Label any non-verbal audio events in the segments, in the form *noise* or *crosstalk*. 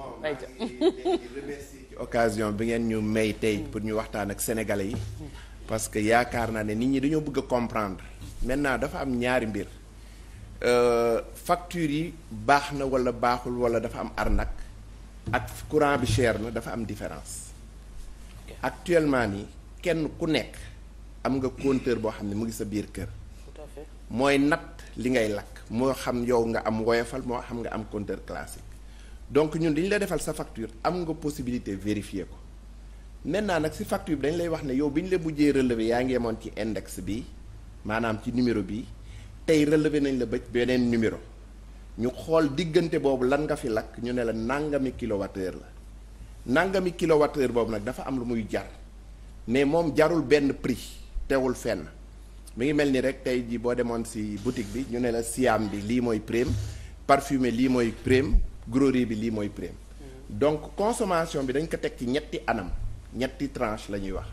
*laughs* ci occasion bi ngeen ñu may tey pour ñu waxtaan ak sénégalais yi parce que yaakaar naa ne nit ñi dañoo bëgg a comprendre maintenant dafa am ñaari mbir euh, facture yi baax na wala baaxul wala dafa am arnaque ak courant bi cher na dafa am différence actuellement ni kenn ku nekk am nga compteur boo xam ne mu ngi sa biir kër mooy natt li ngay lakk moo xam yow nga am woyofal moo xam nga am compteur classique donc ñun dañu la defal sa facture am nga possibilité vérifier ko maintenant nag si facture bi dañ lay wax ne yow bi ñu la mujjee relevé yaa ngi yemoon ci index bi maanaam ci numéro bi tey relevé nañ la bëj beneen numéro ñu xool diggante boobu lan nga fi lakk ñu ne la nangami kilowattheure la nangami kilowattheure boobu nag dafa am lu muy jar mais moom jarul benn prix teewul fenn mi ngi mel ni rek tey jii boo demoon si boutique bi ñu ne la siam bi lii mooy prime parfumé lii mooy prime gros bi lii mooy prime mm-hmm. donc consommation bi dañ ko teg ci ñetti anam ñetti tranche la ñuy wax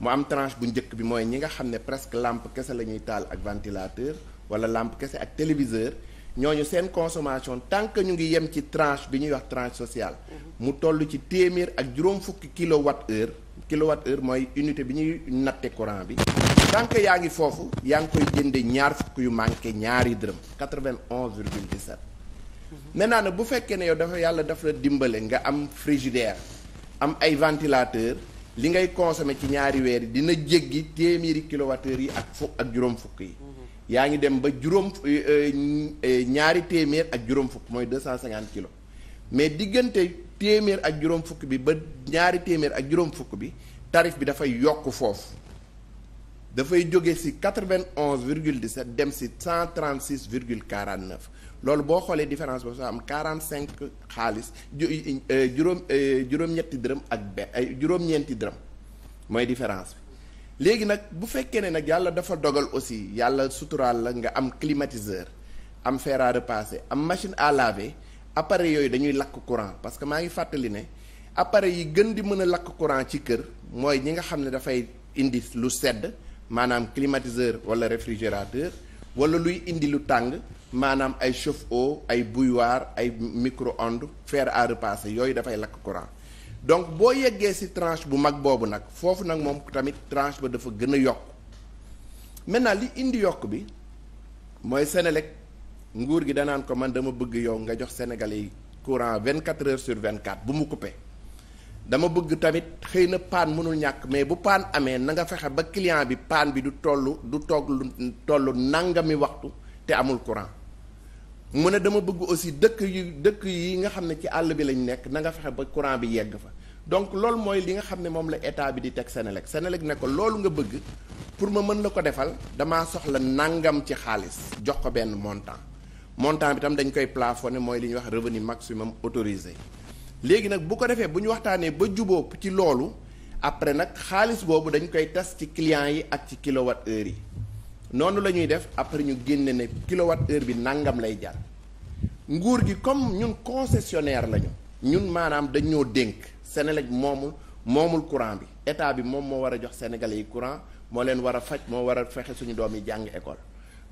mu am tranche bu njëkk bi mooy ñi nga xam ne presque làmp kese la ñuy taal ak ventilateur wala lampe kese ak téléviseur ñu seen consommation tant que ñu ngi yem ci tranche bi ñuy wax tranche sociale mm-hmm. mu toll ci téeméer ak juróom fukki kilowatt heure kilowatt heure mooy unité bi ñuy natte courant bi tant que yaa ngi foofu yaa ngi koy jënde ñaar fukk yu manqué ñaari dërëm 91 virgule naa nag bu fekkee ne yow dafa yàlla daf la dimbale nga am frigidaire am ay ventilateur li ngay consommer ci ñaari weer dina jéggi téeméeri kilowattheures yi ak fu ak juróom fukk yi mm-hmm. yaa ngi dem ba juróom euh, euh, euh, ñaari téeméer ak juróom fukk mooy deux cent cinquante kilos mais diggante téeméer ak juróom fukk bi ba ñaari téeméer ak juróom fukk bi tarif bi dafay yokk foofu dafay jóge si quatre-vingt-onze virgule dix-sept dem ci cent trente-six virgule quarante-neuf loolu boo xoolee différence boobu sax am quarante 45 xaalis ju euh, juróom euh, juróom-ñetti dërëm ak benn ay juróom-ñeenti dërëm mooy différence bi. léegi nag bu fekkee ne nag yàlla dafa dogal aussi yàlla suturaal la nga am climatiseur am fer à am machine à laver appareil yooyu dañuy lakk courant parce que maa ngi fàttali ne appareil yi gën di mën a lakk courant ci kër mooy ñi nga xam ne dafay indi lu sedd maanaam climatiseur wala réfrigérateur wala luy indi lu tàng maanaam ay chauffe-eau ay bouilloire ay micro-ondes fer à repasser yooyu dafay lakk courant donc boo yeggee ci tranche bu mag boobu nag foofu nag moom tamit tranche ba dafa gën a yokk maintenant li indi yokk bi mooy Senelec nguur gi danaan ko man dama bëgg yow nga jox sénégalais yi courant 24 heures sur 24 bu mu coupé. dama bëgg tamit xëy na paan mënul ñàkk mais bu paan amee na nga fexe ba client bi paan bi du toll du toog lu toll nangami waxtu te amul courant mu ne dama bëgg aussi dëkk yu dëkk yi nga xam ne ci àll bi lañ nekk na nga fexe ba courant bi yegg fa donc loolu mooy li nga xam ne moom la état bi di teg Senelec seneleg ne ko loolu nga bëgg pour ma mën la ko defal damaa soxla nangam ci xaalis jox ko benn montant montant bi tam dañ koy plafonné mooy li ñu wax revenu maximum autorisé léegi nag bu ko defee bu ñu waxtaanee ba jubóo ci loolu après nag xaalis boobu dañ koy tas ci client yi ak ci kilowatt heure yi noonu la ñuy def après ñu génne ne kilowatt heure bi nangam lay jar nguur gi comme ñun concessionnaire lañu ñun maanaam dañoo dénk Senelec moomul moomul courant bi état bi moom moo war a jox sénégale yi courant moo leen war a faj moo war fexe suñu doom yi jàng école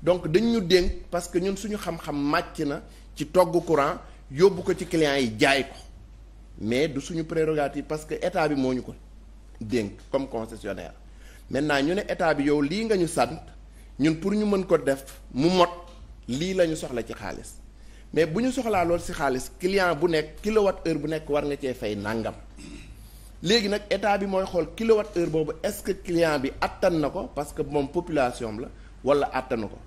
donc dañ ñu dénk parce que ñun suñu xam-xam màcc na ci togg courant yóbbu ko ci clients yi jaay ko mais du suñu prérogative parce que état bi moo ñu ko dénk comme concessionnaire maintenant ñu ne état bi yow lii nga ñu sant ñun pour ñu mën ko def mu mot lii la ñu soxla ci xaalis mais bu ñu soxlaa lool si xaalis client bu nekk kilowatt heure bu nekk war nga cee fay nangam léegi nag état bi mooy xool kilowatt heure boobu est-ce que client bi attan na ko parce que moom population la wala attanu ko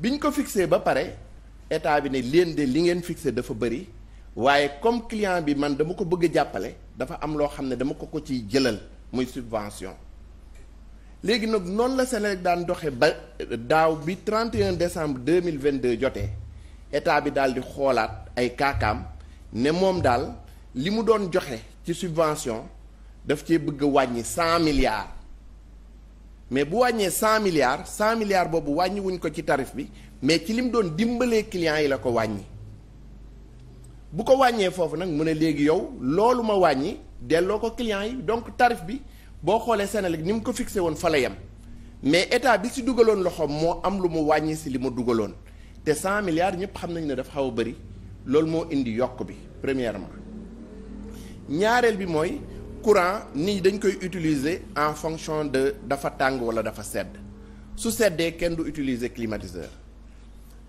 biñ ko fixé ba pare état bi ne leen de li ngeen fixé dafa bëri. waaye comme client bi man dama ko bëgg a jàppale dafa am loo xam ne dama ko ko ci jëlal muy subvention léegi nag noonu la Senelec daan doxe ba daaw bi 31 décembre 2022 jotee état bi daal di xoolaat ay kaakaam ne moom daal li mu doon joxe ci subvention daf cee bëgg wàññi 100 milliards mais bu wàññee 100 milliards 100 milliards boobu wàññi wuñ ko ci tarif bi mais ci li mu doon dimbalee clients yi la ko wàññi bu ko wàññee foofu nag mu ne léegi yow loolu ma wàññi delloo ko client yi donc tarif bi boo xoolee Senelec ni mu ko fixé woon fa yem mais état bi si dugaloon loxoom moo am lu mu wàññi si li mu dugaloon te cent milliards ñëpp xam nañ ne dafa xaw a bëri loolu moo indi yokk bi premièrement ñaareel bi mooy courant nii dañ koy utiliser en fonction de dafa tàng wala dafa sedd su seddee kenn du utiliser climatiseur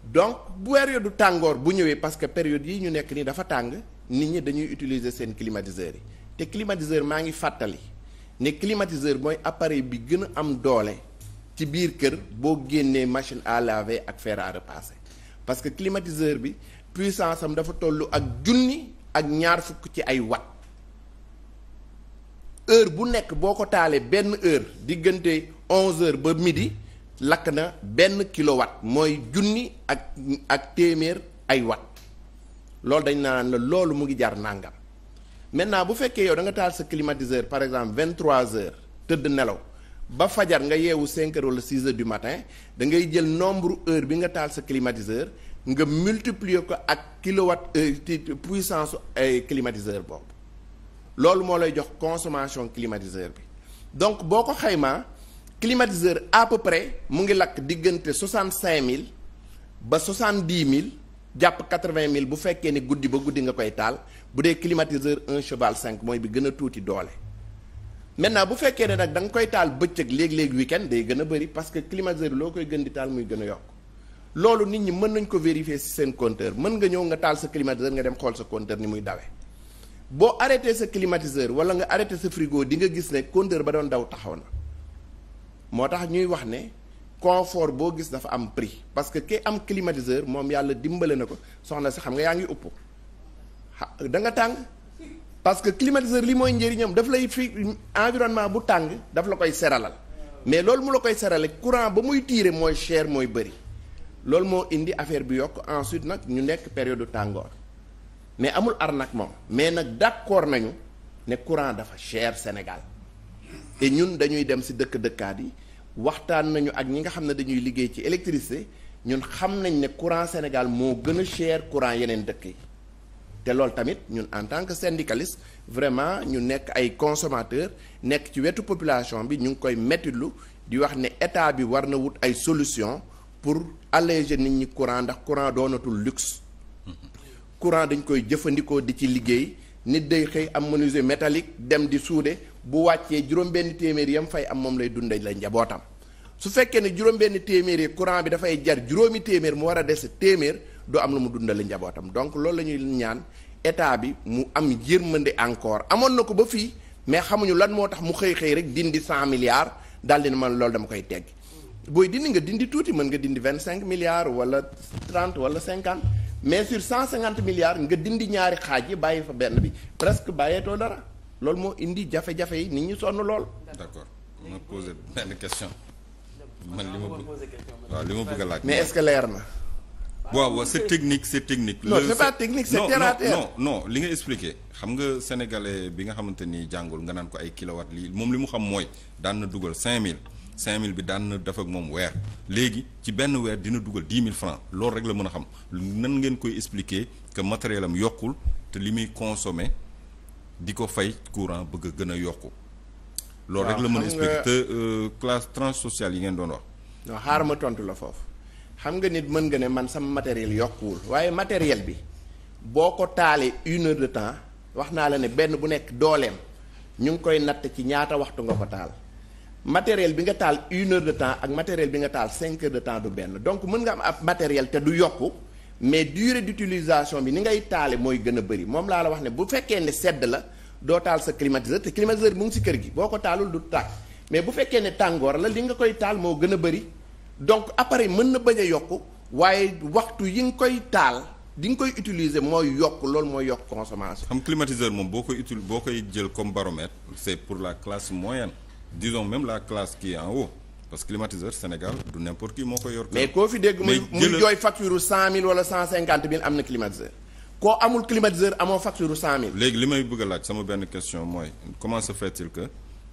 donc période du tàngoor bu ñëwee parce que période yi ñu nekk nii dafa tàng nit ñi dañuy utiliser seen climatiseurs yi te climatiseur maa ngi fàttali ne climatiseur mooy appareil bi gën a am doole ci biir kër boo génnee machine à laver ak fer à repasser parce que climatiseur bi puissance am dafa toll ak junni ak ñaar fukk ci ay wat heure bu nekk boo ko taalee benn heure diggante onze heures ba midi lakk na benn kilowatt mooy junni ak ak téeméer ay wat loolu dañ naan la loolu mu ngi jar nangam maintenant bu fekkee yow da nga taal sa climatiseur par exemple 23 heures tëdd nelaw ba fajar nga yeewu 5 heures wala heures du matin da ngay jël nombre heure bi nga taal sa climatiseur nga multiplier ko ak kilowatt euh, puissance ay climatiseur boobu loolu moo lay jox consommation climatiseur bi donc boo ko xaymaa. climatiseur à peu près mu ngi lakk diggante soixante cinq mille ba soixante dix mille jàpp quatre vingt mille bu fekkee ni guddi ba guddi nga koy taal bu dee climatiseur un cheval cinq mooy bi gën a tuuti doole. maintenant bu fekkee ne nag da nga koy taal bëccëg léeg-léeg week-end day gën a bëri parce que climatiseur loo koy gën di taal muy gën a yokk loolu nit ñi mën nañ ko vérifier ci seen compteur mën nga ñëw nga taal sa climatiseur nga dem xool sa compteur muy dawee. boo arrêté sa climatiseur wala nga arrêté sa di nga gis ne compteur ba doon daw taxaw na. moo tax ñuy wax ne confort boo gis dafa am prix parce que ki am climatiseur moom yàlla dimbale na ko soxna si xam nga yaa ngi upp da nga tàng parce que climatiseur li mooy njëriñam daf lay fi environnement bu tàng daf la koy seralal mais loolu mu la koy serale courant ba muy tiire mooy cher mooy bëri loolu moo indi affaire bi yokk ensuite nag ñu nekk du tàngoor mais amul arnaque moom mais nag d'accord nañu ne courant dafa cher Sénégal et ñun dañuy dem si dëkk dëkkaat yi waxtaan nañu ak ñi nga xam ne dañuy liggéey ci électricité ñun xam nañ ne courant Sénégal moo gën a cher courant yeneen dëkk yi te loolu tamit ñun en tant que syndicaliste vraiment ñu nekk ay consommateurs nekk ci wetu population bi ñu ngi koy mettitlu di wax ne état bi war na wut ay solution pour alléger nit ñi courant ndax courant doonatul luxe courant dañ koy jëfandikoo di ci liggéey nit day xëy am menuisier métallique dem di suude bu wàccee juróom-benn téeméer yam fay am moom lay dundee la njabootam su fekkee ne juróom-benn téeméer yi courant bi dafay jar juróomi téeméer mu war a des téeméer du am lu mu dundale njabootam donc loolu la ñuy ñaan état bi mu am mën yërmande encore amoon na ko ba fii mais xamuñu lan moo tax mu xëy xëy rek dindi cent milliards daal di man loolu dama koy tegg booy dindi nga dindi tuuti mën nga dindi vingt cinq milliards wala trente wala cinquante mais sur cent cinquante milliards nga dindi ñaari xaaj yi bàyyi fa benn bi presque bàyyeetoo dara. loolu moo indi jafe-jafe yi nit ñi sonn lool. d'accord ma poser benn question. man li ma bëgg waaw li ma bëgg a laaj. mais est-ce que leer na. waaw waaw c'est technique c'est technique. non c'est pas technique c'est terre à terre. non non li nga expliqué xam nga sénégalais bi nga xamante ni jàngul nga naan ko ay kilowatt lii moom li mu xam mooy daan na dugal 5000 5000 bi daan na def ak moom weer léegi ci benn weer dina dugal 10 000 francs loolu rek la mën a xam nan ngeen koy expliquer que matériel am yokkul te li muy consommer. di ko fay courant bëgg a gën a yokku loolu rek la mën a expliquer te euh, classe tranche yi ngeen doon wax non xaaral ma tontu la foofu xam nga nit mën nga ne man sama matériel yokkuwul waaye matériel bi boo ko taalee une heure de temps wax naa la ne benn bu nekk dooleem ñu ngi koy natt ci ñaata waxtu nga ko taal matériel bi nga taal une heure de temps ak matériel bi nga taal cinq heures de temps du benn donc mën nga am ab matériel te du yokku mais dure d'utilisation bi ni ngay taale mooy gën a bëri moom laa la wax ne bu fekkee ne sedd la doo taal sa climatiser te climatiseur bi mu si kër gi boo ko taalul du tàkk mais bu fekkee ne tàngoor la li nga koy taal moo gën a bëri donc appareil mën na bañ a yokk waaye waxtu yi nga koy taal di nga koy utiliser mooy yokk loolu mooy yokk consommation. xam climatiseur moom boo koy utile boo koy jël comme baromètre c'est pour la classe moyenne disons même la classe qui est parce que climatiseur Sénégal du n'importe qui moo koy yor. mais koo fi dégg muy muy jooy facture cent mille wala cent cinquante mille am na climatiseur. koo amul climatiseur amoo facture cent mille. léegi li may bëgg laaj sama benn question mooy comment se que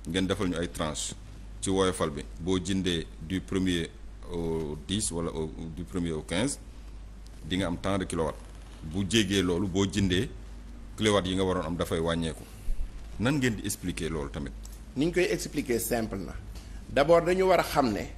ngeen defal ñu ay tranche ci woyofal bi boo jëndee du premier au dix wala au du premier au quinze di nga am tant de kilowatt bu jégee loolu boo jëndee kilowatt yi nga waroon am dafay wàññeeku nan ngeen di expliquer loolu tamit. ni ñu koy expliquer simple na. d'abord dañu war a xam ne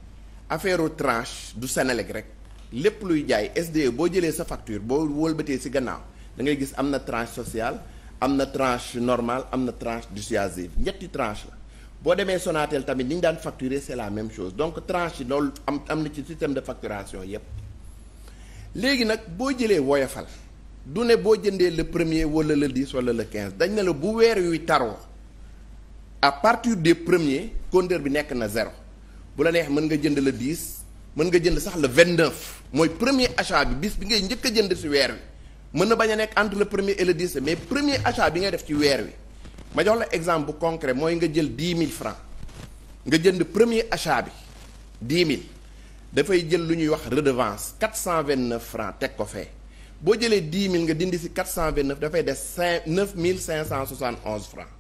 affaire u tranche du Senelec rek lépp luy jaay SDE boo jëlee sa facture boo wëlbatee si gannaaw da ngay gis am na tranche sociale am na tranche normale am na tranche dissuasive ñetti tranche la boo demee Sonatel tamit ni ñu daan facturer c'est la même chose donc tranche yi loolu am am na ci système de facturation yépp léegi nag boo jëlee woyofal du ne boo jëndee le premier wala le dix wala le quinze dañ ne la bu weer yuy taroo à partir des premiers compteur bi nekk na zéro bu la neex mën nga jënd le 10 mën nga jënd sax le 29 mooy premier achat bi bis bi ngay njëkk a jënd si weer wi mën na bañ a nekk entre le premier et le 10 mais premier achat bi ngay def ci weer wi ma jox la exemple bu concret mooy nga jël 10 mille francs nga jënd premier achat bi 10 000 dafay jël lu ñuy wax redevance 429 francs teg ko fee boo jëlee 10 000 nga dindi si 429 dafay des 5 9571 francs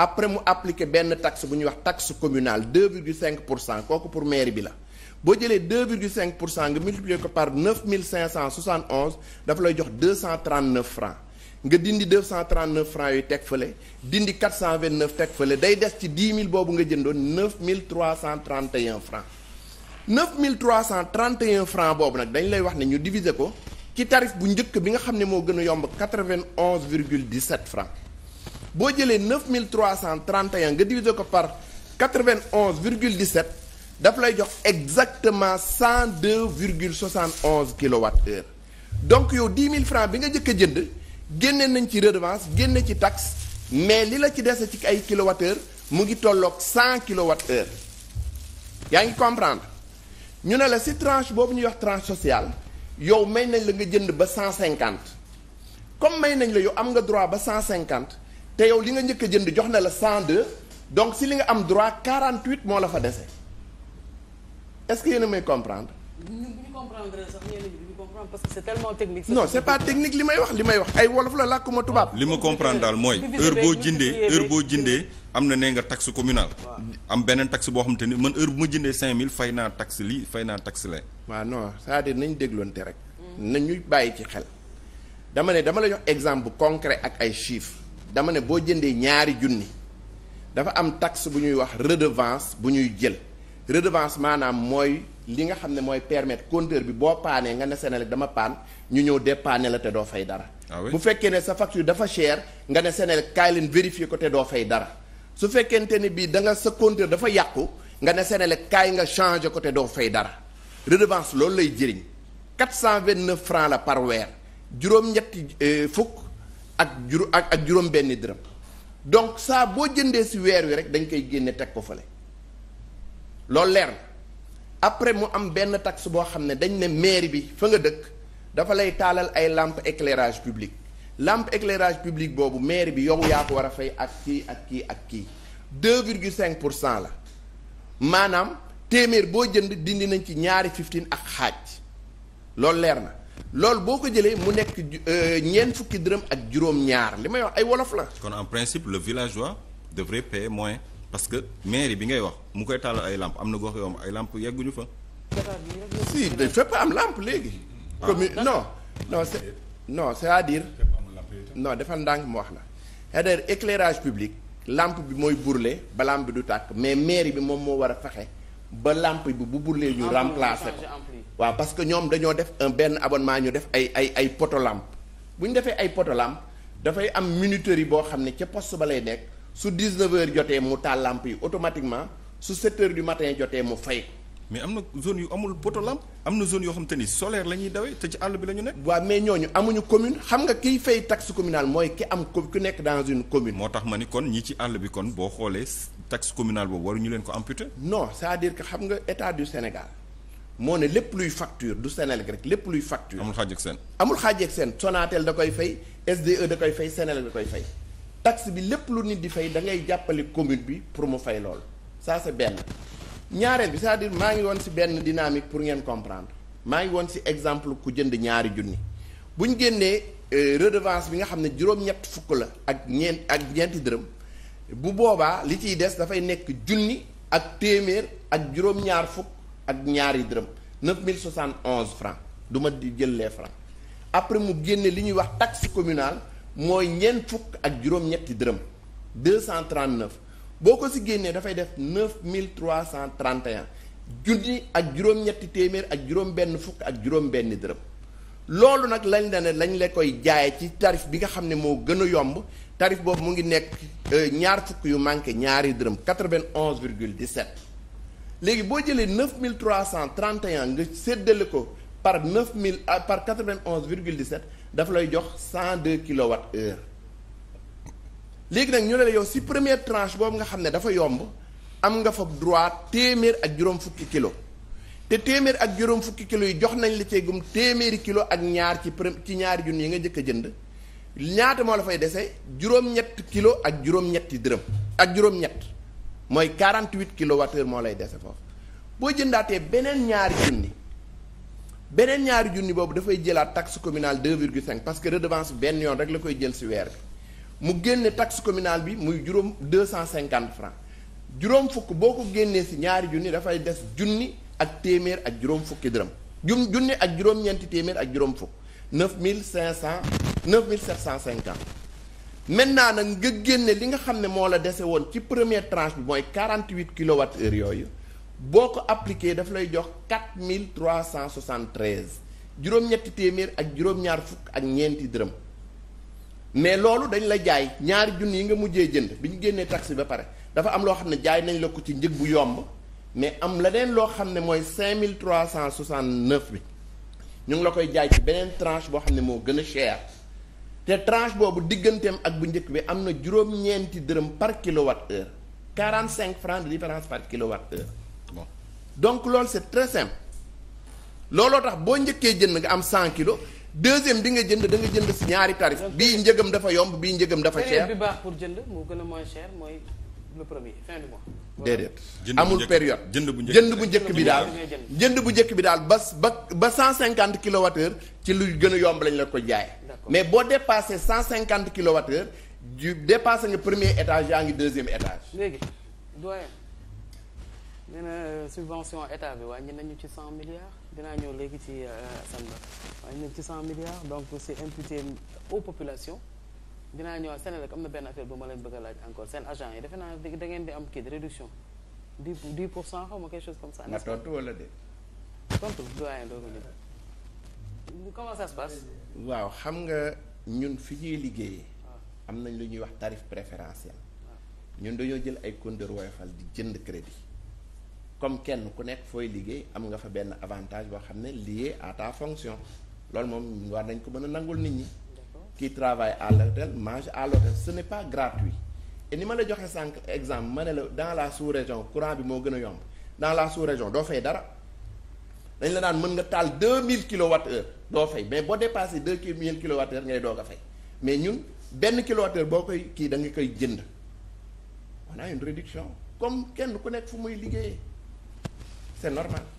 après mu appliqué benn taxe bu ñuy wax taxe communale 2,5 pour cent kooku pour mairie bi la boo jëlee 2,5 pour cent nga multiplier ko par 9571 dafa lay jox 239 francs nga dindi 239 francs yu teg fële dindi 429 teg fële day des ci 10 000 boobu nga jëndoon 9331 francs 9331 francs boobu nag dañ lay wax ne ñu diviser ko ci tarif bu njëkk bi nga xam ne moo gën a yomb 91,17 francs boo jëlee 9331 nga diviser ko par 91 virgule 17 daf lay jox exactement 102 virgule 71 kilowatt heure donc yow 10 000 francs bi nga jëkk a jënd génne nañ ci redevance génne ci taxe mais li la ci dese ci ay kilowatt mu ngi tolloog 100 kilowatt heure yaa ngi comprendre ñu ne la si tranche boobu ñuy wax tranche sociale yow may nañ la nga jënd ba 150 comme may nañ la yow am nga droit ba 150 te yow li nga njëkk a jënd jox na la 102 donc si li nga am droit 48 moo la fa dese est-ce que yéen a may comprendre. ñun bu ñu ñu comprendre parce que c'est pas technique li may wax li may wax ay wolof la làkkuma tubaab. li ma comprendre daal mooy heure boo jëndee heure boo jëndee am na nee nga taxe communal am beneen taxe boo xam te ni man heure bu ma jëndee mille fay naa taxe lii fay naa taxe lee. waaw non c'est-à-dire nañ dégloonte rek. Mm. nañuy bàyyi ci xel. dama ne dama la jox exemple bu ak ay chiffres. dama ne boo jëndee ñaari junni dafa am taxe bu ñuy wax redevence bu ñuy jël redevence maanaam mooy li nga xam ne mooy permettre compteur bi boo paanee nga ne Senelec dama paan ñu ñëw dépanner la te doo fay dara. Ah bu fekkee ne sa facture dafa cher nga ne Senelec kaay leen vérifier ko te doo fay dara su fekkente ni bii da nga sa compteur dafa yàqu nga ne Senelec kaay nga changer ko te doo fay dara redevence loolu lay jëriñ 429 francs la par weer juróom euh, fukk. ak juru ak ak juróom-benni dërëm donc saa boo jëndee si weer wi rek dañ koy génne teg ko fële loolu leer na après mu am benn taxe boo xam ne dañ ne mairie bi fa nga dëkk dafa lay taalal ay lampe éclairage public lampe éclairage public boobu mairie bi yow yaa ko war a fay ak kii ak kii ak kii cinq pour cent la maanaam téeméer boo jënd dindi nañ ci ñaari 15 ak xaaj loolu leer na. loolu boo ko jëlee mu nekk euh, ñeent fukki dërëm ak juróom-ñaar li may wax ay wolof la. kon en principe le villageois devrait payer moins parce que mairie bi ngay wax mu koy tàll ay lamp am na gox yoo ay lamp yegguñu fa. si dañ fépp am lamp léegi. Ah, commune non non c'est non à dire non defal ndànk mu wax la c'est-à-dire éclairage public lampe bi mooy burle ba bi du tàkk mais mairie bi moom moo war a fexe. ba lampe bi bu bulee ñu remplacer ko waaw parce que ñoom dañoo def un benn abonnement ñu def ay ay ay poto lampe bu ñu defee ay poto lampe dafay am minuteur yi boo xam ne ca post ba lay nekk su 19 heures jotee mu taal lampe yi automatiquement su 7 heures du matin jotee mu fay mais am na zone yu amul poto lampe am na zone yoo xam te ni solaire lañuy ñuy dawee te ci àll bi la ñu nekk. waaw mais ñooñu amuñu commune xam nga kiy fay taxe communal mooy ki am ko ku nekk dans une commune. moo tax ma ni kon ñi ci àll bi kon boo xoolee taxe communale boobu waruñu leen ko amputer. non c'est-à-dire que xam nga état du Sénégal moo ne lépp luy facture du Sénélec rek lépp luy facture. amul xaaj ak seen. amul xaaj ak seen Sonatel da koy fay SDE da koy fay Sénélec da koy fay taxe bi lépp lu nit di fay da ngay jàppale commune bi pour mu fay lool ça c'est benn. ñaareel bi cest à maa ngi woon ci benn dynamique pour ngeen comprendre maa ngi woon ci exemple ku jënd ñaari junni bu ñu génnee euh, redevance bi nga xam ne juróom-ñett fukk la ak ñeent ak ñeenti dërëm bu boobaa li ciy des dafay nekk junni ak téeméer ak juróom-ñaar fukk ak ñaari dërëm 9071 francs du ma di jël les après mu génne li ñuy wax taxe communale mooy ñeent fukk ak juróom-ñetti dërëm 239. boo ko si génnee dafay def neuf mille trois cent trente et junni ak juróom-ñetti téeméer ak juróom-benn fukk ak juróom benni dërëm loolu nag lañ la ne lañ la koy jaaye ci tarif bi nga xam ne moo gën a yomb tarif boobu mu ngi nekk euh, ñaar fukk yu manqué ñaari dërëm quatre-vingt-onze virgule dix-sept léegi boo jëlee neuf mille trois cent trente et un nga séddale ko par neuf mille euh, par quatre-vingt-onze virgule dix-sept daf lay jox cent deux kilowatt heure léegi nag ñu ne la yow si première tranche boobu nga xam ne dafa yomb am nga fa droit téeméer ak juróom fukki kilo te téeméer ak juróom fukki kilo yi jox nañ la cee gum téeméeri kilo ak ñaar ci prem ci ñaari junni yi nga jëkk a jënd ñaata moo la fay dese juróom-ñett kilo ak juróom-ñetti dërëm ak juróom-ñett mooy kilo kilowattheure moo lay dese foofu boo jëndaatee beneen ñaari junni beneen ñaari junni boobu dafay jëlaat taxe communale 2,5 parce que redevance benn yoon rek la koy jël si weer mu génne taxe communal bi muy juróom deux cent cinquante francs juróom fukk boo ko génnee si ñaari junni dafay des junni ak téeméer ak juróom fukki dërëm jun junni ak juróom téeméer ak juróom fukk neuf mille cinq cent neuf mille sept cent cinquante maintenant nag nga génne li nga xam ne moo la dese woon ci première tranche bi mooy quarante huit kilowatt heure yooyu boo ko appliqué daf lay jox quatre mille trois cent soixante treize juróom-ñetti téeméer ak juróom-ñaar fukk ak ñeenti dërëm mais loolu dañu la jaay ñaari junni yi nga mujjee jënd bi ñu génnee taxi ba pare dafa am loo xam ne jaay nañ la ko ci njëg bu yomb mais am leneen loo xam ne mooy 5369 bi ñu ngi la koy jaay ci beneen tranche boo xam ne moo gën a cher te tranche boobu digganteem ak bu njëkk bi am na juróom-ñeenti dërëm par kilowatt heure 45 francs de différence par kilowatt heure bon donc loolu c'est très simple looloo tax boo njëkkee jënd nga am 100 kilos deuxième bi nga jënd da jënd si ñaari tarif bii njëgam dafa yomb bii njëgam dafa cher bi baax pour jënd moo gën a moins cher mooy le premier fin déedéet amul période jënd bu njëkk bi daal jënd bu njëkk bi daal ba ba ba cent cinquante kilowattheure ci lu gën a yomb lañ la ko jaay mais boo dépassé cent cinquante kilowattheure ju dépassé nga premier étage yaa ngi deuxième étage léegi doyen nee na euh, subvention état bi wàññi nañu ci cent milliards dinaa ñëw léegi ci euh, Assane Ba waaye ñu ci cent milliards donc c'est imputé aux populations dinaa ñëwaat Senelec am na benn affaire bu ma leen bëgg laaj encore seen agent yi defe naa da ngeen di am kii de réduction dix pour cent xaw ma quelque chose comme ça. nga tontu wala de. tontu doyen doogu comment ça se passe. waaw xam nga ñun fi ñuy liggéeyee. Ah. am nañ lu ñuy wax tarif préférentiel. Ah. ñun dañoo jël ay compteurs Woyofal di jënd crédit. comme kenn ku nekk fooy liggéey am nga fa benn avantage boo xam ne lié à ta fonction loolu moom war nañ ko mën a nangul nit ñi qui travaille à l'hôtel mange à l'hôtel ce n'est pas gratuit et ni ma la joxe sànq exemple ma ne la dans la sous-région courant bi moo gën a yomb dans la sous-région doo fay dara dañ la daan mën nga taal mille kWh doo fay mais boo dépassé 2000 kWh ngay doog a fay mais ñun benn kWh boo koy kii da nga koy jënd on a une comme kenn ku nekk fu muy liggéeyee c'est normal